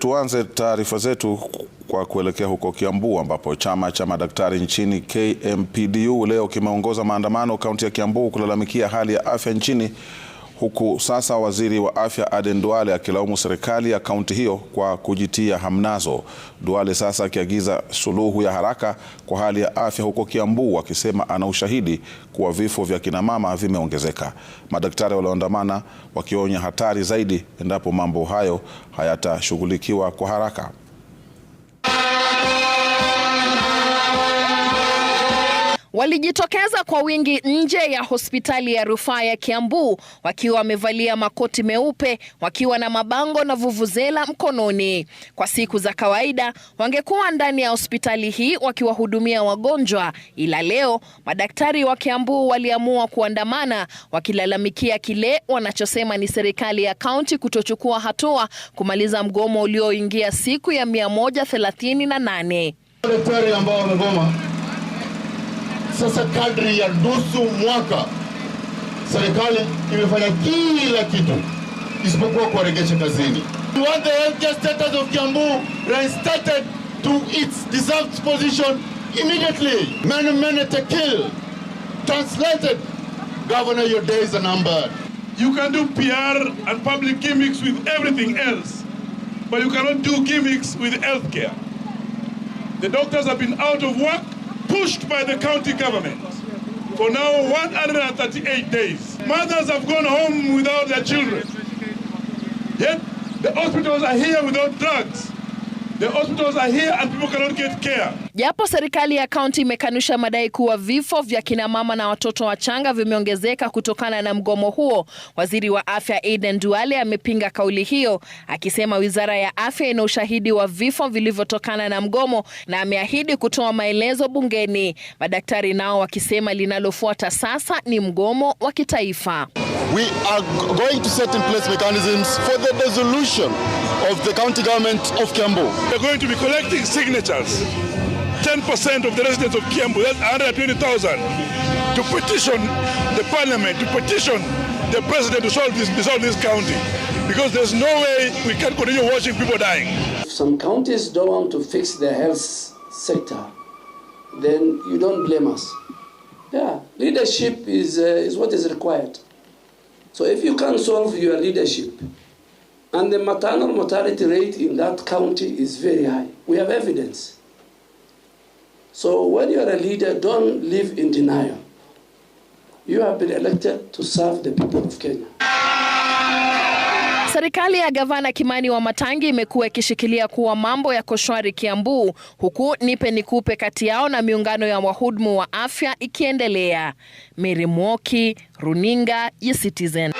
Tuanze taarifa zetu kwa kuelekea huko Kiambu ambapo chama cha madaktari nchini KMPDU leo kimeongoza maandamano kaunti ya Kiambu kulalamikia hali ya afya nchini huku sasa waziri wa afya Aden Duale akilaumu serikali ya kaunti hiyo kwa kujitia hamnazo. Duale sasa akiagiza suluhu ya haraka kwa hali ya afya huko Kiambu, akisema ana ushahidi kuwa vifo vya kinamama vimeongezeka. Madaktari walioandamana wakionya hatari zaidi endapo mambo hayo hayatashughulikiwa kwa haraka. Walijitokeza kwa wingi nje ya hospitali ya rufaa ya Kiambu wakiwa wamevalia makoti meupe, wakiwa na mabango na vuvuzela mkononi. Kwa siku za kawaida wangekuwa ndani ya hospitali hii wakiwahudumia wagonjwa, ila leo madaktari wa Kiambu waliamua kuandamana wakilalamikia kile wanachosema ni serikali ya kaunti kutochukua hatua kumaliza mgomo ulioingia siku ya 138. daktari ambao wamegoma sasa kadri ya nusu mwaka serikali imefanya kila kitu isipokuwa kuwaregesha kazini. We want the healthcare status of Kiambu reinstated to its deserved position immediately. men to kill. Translated, Governor, your days are numbered. You can do PR and public gimmicks with everything else, but you cannot do gimmicks with healthcare. The doctors have been out of work pushed by the county government for now 138 days. Mothers have gone home without their children. Yet the hospitals are here without drugs. The hospitals are here and people cannot get care. Japo serikali ya kaunti imekanusha madai kuwa vifo vya kina mama na watoto wachanga vimeongezeka kutokana na mgomo huo, waziri wa afya Aden Duale amepinga kauli hiyo akisema wizara ya afya ina ushahidi wa vifo vilivyotokana na mgomo na ameahidi kutoa maelezo bungeni. Madaktari nao wakisema linalofuata sasa ni mgomo wa kitaifa. we are going to set in place mechanisms for the dissolution of the county government of Kiambu. We're going to be collecting signatures, 10% of the residents of Kiambu, that's 120,000, to petition the parliament, to petition the president to solve this, dissolve this county. Because there's no way we can continue watching people dying. If some counties don't want to fix their health sector, then you don't blame us. Yeah, leadership is, uh, is what is required. So if you can solve your leadership, and the maternal mortality rate in that county is very high. We have evidence. So when you are a leader, don't live in denial. You have been elected to serve the people of Kenya. Serikali ya gavana Kimani Wamatangi imekuwa ikishikilia kuwa mambo yako shwari Kiambu, huku nipe nikupe kati yao na miungano ya wahudumu wa afya ikiendelea. Mary Mwoki, runinga ya Citizen.